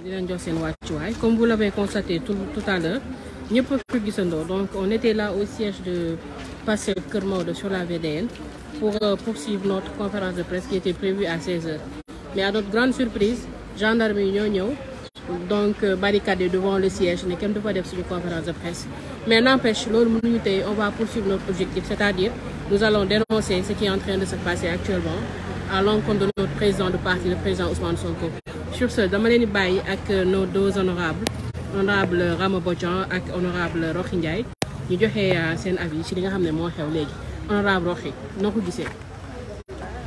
di leen jox seen wàccuwaay comme vous l'avez constaté tout tout à l'heure ñëpp ko donc on était là au siège de Pastef Kër sur la VDN pour euh, poursuivre notre conférence de presse qui était prévue à 16 heures mais à notre grande surprise gendarme yi donc euh, barricadé devant le siège ne kenn du fa def suñu conférence de presse mais n'empêche loolu mënuñu on va poursuivre notre objectif c'est-à-dire nous allons dénoncer ce qui est en train de se passer sur ce dama leen di bàyyi ak euh, nos deux honorables honorable Rama Bodian ak honorable Roxi Ndiaye ñu joxe euh, seen avis ci li nga xam ne moo xew léegi honorable Roxi noo ko gisee.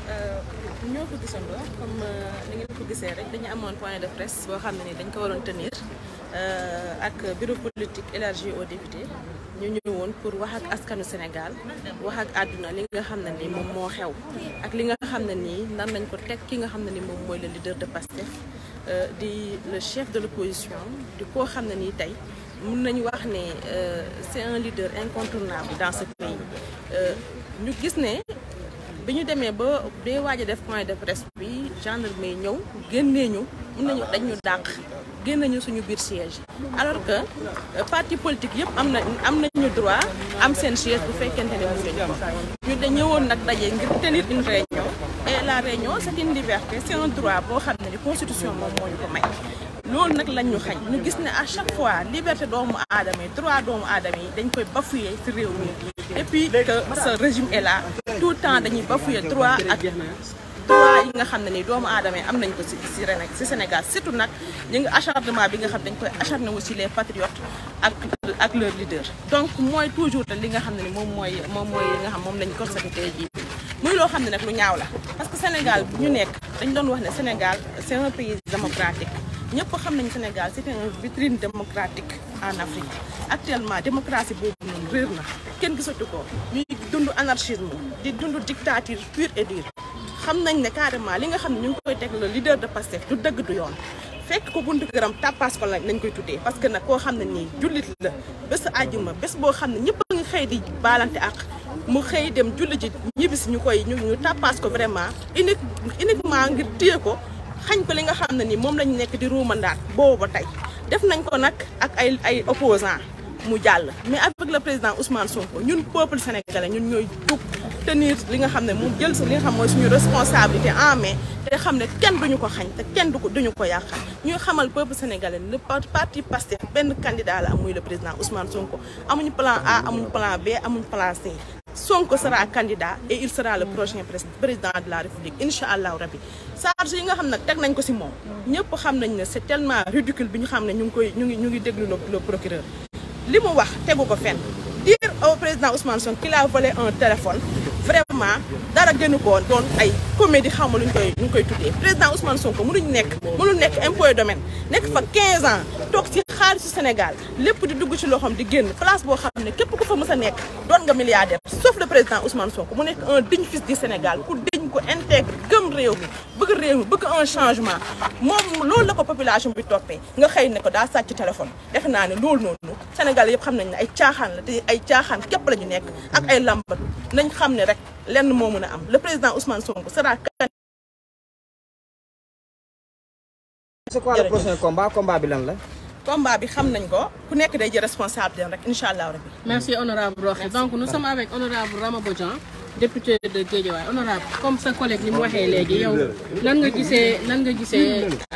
Euh, ñoo ko gisandoo ko gisee rek dañu amoon point de presse boo xam ne ni dañ ko waroon tenir ak bureau politique élargi aux députés ñu woon pour wax ak askanu Sénégal wax ak àdduna li nga xam ne ni moom moo xew ak li nga xam ne nii nan nañ ko teg ki nga xam ne nii moom mooy le leader de Pastef Euh, di le chef de l'opposition di koo xam ne nii tey mun nañu wax ne euh, c'est un leader incontournable dans ce pays euh, ñu gis ne bi ñu demee ba day waaj def point de presse bi gendarme yi ñëw génnee ñu mën nañu dañ ñu dàq génne ñu suñu biir siège alors que parti politique yëpp am na am nañu droit am seen siège bu fekkente ne mu ñu ko ñu da ñëwoon nag daje ngir tenir une réunion la réunion c'est une liberté c'est un droit boo xam ne ni constitution moom moo ñu ko may loolu nag lañ ñu xañ ñu gis ne à chaque fois liberté doomu aadama yi droit doomu aadama yi dañ koy bafoué ci réew mi depuis que ce régime dañuy bafoué droit nga xam ne ni doomu aadama yi am nañ ko ci ci Sénégal surtout nag ñu ngi acharnement bi nga xam dañ koy acharné wu ci les patriotes ak ak leur leader donc mooy toujours li nga xam ne ni moom mooy moom mooy li nga xam moom lañ constaté tey jii muy loo xam ne nag lu ñaaw la parce que Sénégal bu ñu nekk dañ doon wax ne Sénégal c'est un pays démocratique ñëpp xam nañu Sénégal c'est une vitrine démocratique en Afrique actuellement démocratie boobu noonu réer na kenn gisatu ko ñuy dund anarchisme di dund dictature pure et dure xam nañ ne carrément li nga xam ne ñu ngi koy teg le leader de Pastef du dëgg du yoon fekk ko buntu këram tàppaas ko lañ koy tuddee parce que nag koo xam ne nii jullit la bés àjjuma bés boo xam ne ñëpp a ngi xëy di baalante ak mu xëy dem julli ji ñibbisi ñu koy ñu ñu tàppaas ko vraiment unique uniquement ngir téye ko xañ ko li nga xam ne nii moom lañu nekk di ruumandaat booba tey def nañ ko nag ak ay ay opposant mu jàll mais avec le président Ousmane Sonko ñun peuple sénégalais ñun ñooy jug tenir li nga xam ne moom jël li nga xam mooy suñu responsabilité en main te xam ne kenn duñu ko xañ te kenn du ko duñu ko yàqal ñuy xamal peuple sénégalais le parti Pastef benn candidat la am muy le président Ousmane Sonko amuñu plan A amuñu plan B amuñu Sonko sera candidat et il sera le prochain président de République incha allahu rabi charge yi nga xam nag teg nañ ko si moom ñëpp xam nañ ne c'est tellement ridicule bi ñu xam ne ñu ngi koy ñu ngi procureur li mu wax tegu ko fenn dire au président Ousmane Sonko qu'il a volé un téléphone vraiment dara gënu ko doon ay comédie xaw ma lu ñu koy lu ñu koy tuddee président Ousmane Sonko mënuñ nekk mënul nekk impôt domaine nekk fa ans toog si ci Sénégal lépp di dugg ci loxoom di génn place boo xam ne képp ko fa mës a nekk doon nga milliardaire sauf le président Ousmane Sonko mu nekk un digne fils du Sénégal ku digne ko intègre gëm réew mi bëgg réew mi bëgg un changement moom loolu la ko population bi toppee nga xëy ne ko daa sàcc téléphone def naa ne loolu noonu Sénégal yëpp xam nañ ne ay caaxaan la te ay caaxaan képp la ñu nekk ak ay làmbat nañ xam ne rek lenn moo mën a am le président Ousmane Sonko sera c'est quoi le prochain la tomba bi xam nañ ko ku nekk day jël responsable dem rek incha allah rabbi merci honorable Roxi donc nous sommes avec honorable Rama Bodian député de Guédiawaye honorable comme sa collègue ni mu waxee léegi yow nan nga gisee lan nga gisee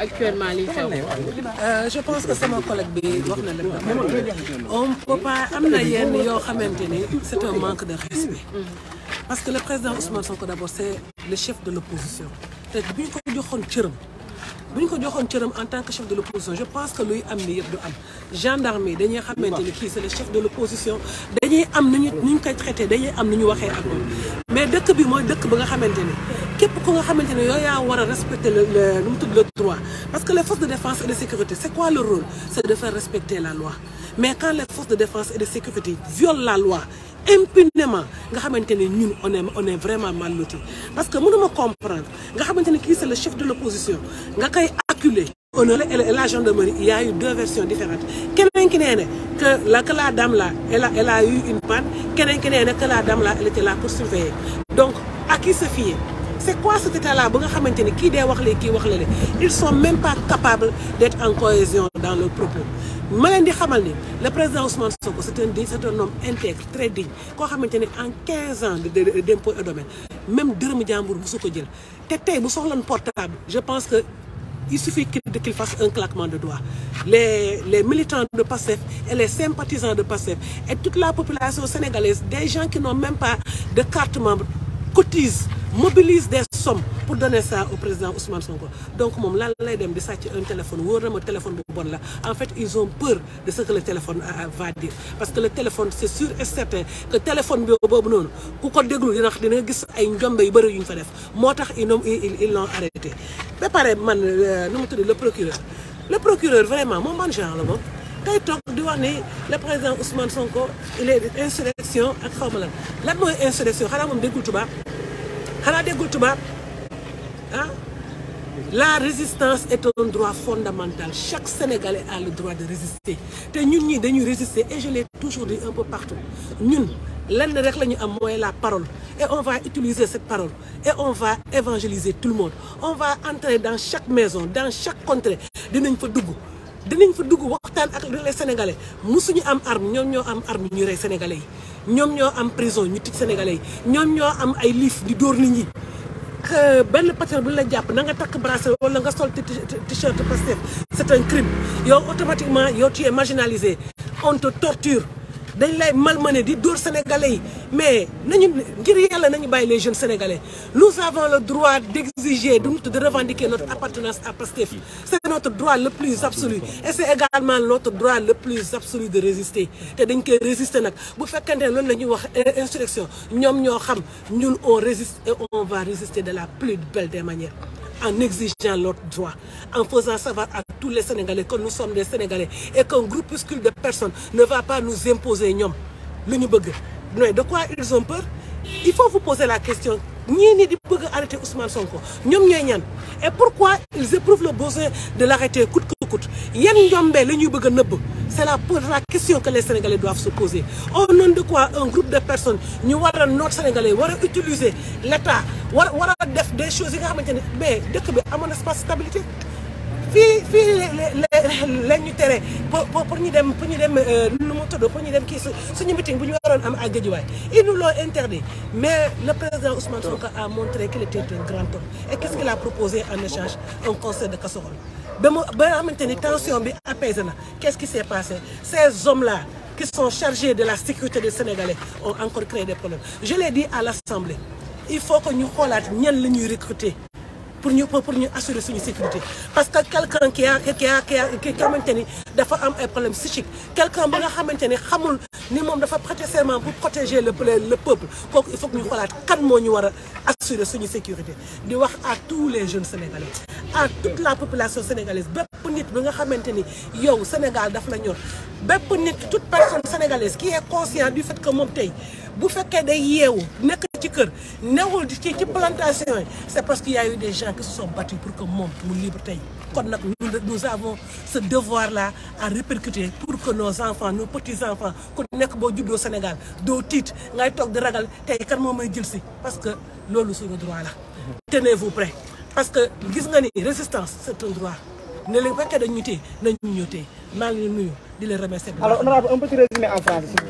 actuellement li xew euh, je pense que sama collègue bi wax na lépp on peut pas am na yenn yoo xamante ni c'est un manque de respect parce que le président Ousmane Sonko d'abord c'est le chef de l'opposition te bi ñu ko joxoon cëram bu ñu ko joxoon cëram en tant que chef de l' je pense que luy am ni yëpp du am gendarme yi dañuy xamante ni kii le chef de l' dañuy am nu ñu ñu koy traité dañuy am nu ñu waxee ak mais dëkk bi mooy dëkk ba nga xamante ni képp ku nga xamante ne yooyu yaa war a respecter le lu mu tudd parce que les forces de défense et de sécurité c' quoi le rôle c' de faire respecter la loi mais quand les forces de défense et de sécurité violent la loi impunément nga xamante ne ñun on est vraiment mal loti parce que mënuma comprendre nga xamante ne kii c'est le chef de l'opposition nga koy acculé on et la gendarmerie il y a eu deux versions différentes keneen ki que la que la dame là elle a elle a eu que la pour surveiller donc à qui c'est quoi cet état là ba nga xamante ne kii dee wax lee kii wax la le ils sont même pas capables d'être en cohésion dans le propos ma leen di xamal ni le président Ousmane Sonko c'est un digne c'est un homme intègre très digne koo xamante ne en 15 ans de d'impôt et domaine même dërëmu jàmbur bu ko jël te tey bu soxlan portable je pense que il suffit qu'il fasse un claquement de doigts les les militants de PASTEF et les sympathisants de PASTEF et toute la population sénégalaise des gens qui n'ont même pas de carte membre cotisent mobilise des sommes pour donner ça au président Ousmane Sonko donc moom lan lay dem di sàcc un téléphone wóor bu bon la en fait ils ont peur de ce que le fa def moo tax ils ont ils l'ont arrêté ba euh, vraiment moom man genre la moom tey di wax ni le président Ousmane Sonko il est insurrection ak xaw ma mooy insurrection xanaa moom déggul tubaab xanaa déggul tubaab ah la résistance est un droit fondamental chaque sénégalais a le droit de résister te ñun ñi dañuy résister et je l'ai toujours dit un peu partout ñun lenn rek la ñu am mooy la parole et on va utiliser cette parole et on va évangéliser tout le monde on va entrer dans chaque maison dans chaque contrée dinañ fa dugg dinañ fa dugg waxtaan ak les sénégalais musuñu am arme ñoom ñoo am arme ñu rey sénégalais yi ñoom ñoo am prison ñu tij sénégalais yi ñoom ñoo ay liif di dóor nit ñi benn patel bu la jàpp na nga takk bracelet wala nga sol t-shirt Pastef c'est un crime yow automatiquement yow tu es marginalisé on te torture dañ lay malmené di dóor sénégalais yi mais nañu ngir yàlla nañu bàyyi les jeunes sénégalais nous avons le droit d'exiger de revendiquer notre appartenance à PASTEF c'est notre droit le plus absolu et c'est également notre droit le plus absolu de résister te dañ koy résister nag bu fekkante ne loolu la ñuy wax insurrection ñoom ñoo xam ñun on résiste et on va résister de la plus belle des manières en exigeant leurs droits, en faisant savoir à tous les Sénégalais que nous sommes des Sénégalais et qu'un groupuscule de personnes ne va pas nous imposer ñoom lu ñu bëgg mais de quoi ils ont peur il faut vous poser la question ñii ni di bëgg arrêter Ousmane Sonko ñoom ñooy ñan et pourquoi ils éprouvent le besoin de l'arrêter coûte que coûte yan njombee la ñuy bëgg a c'est la, la question que les Sénégalais doivent se poser. Au nom de quoi un groupe de personnes, nous avons notre Sénégalais, nous avons utiliser l'État, nous avons des choses qui ont un espace stabilité. fii fii lañ ñu tere pour pour ñu dem pour ñu dem lu euh, mu tudd pour ñu dem kii suñu meeting bu ñu waroon am à Guédiawaye ils nous l'ont interdit mais le président Ousmane Sonko a montré qu'il était un grand homme et qu'est-ce qu'il a proposé en échange un concert de casserole ba mu ba nga xamante ni tension bi apaisé na qu'est-ce qui s'est passé ces hommes-là qui sont chargés de la sécurité des Sénégalais ont encore créé des problèmes je l'ai dit à l'Assemblée il faut que ñu xoolaat ñan la ñuy recruter pour ñu pour ñu assurer suñu sécurité parce que quelqu'un qui a qui a qui a ki xamante ni dafa am ay problème psychique quelqu'un ba nga xamante ni xamul ni moom dafa prêter serment pour protéger le le peuple kooku il faut que ñu xoolaat kan moo ñu war a assurer suñu sécurité di wax à tous les jeunes sénégalais à toute la population sénégalaise bépp nit bi nga xamante ni yow Sénégal daf la ñor bépp nit toute personne sénégalaise qui est conscient du fait que moom tey bu fekkee day yeewu nekk ci kër newul ci ci plantation yi c'est parce qu'il y des gens qui se sont battus que moom mu libre tey kon nag nous avons ce devoir là à répercuter pour que nos enfants nos petits enfants ku nekk boo juddoo Sénégal doo tiit ngay toog di ragal tey kan moo may jël parce que loolu suñu droit la tenez-vous prêts parce que gis nga ni résistance c'est un droit ne leen fekkee dañ ñu téye nañ ñu téye di leen remercier. alors un petit résumé en français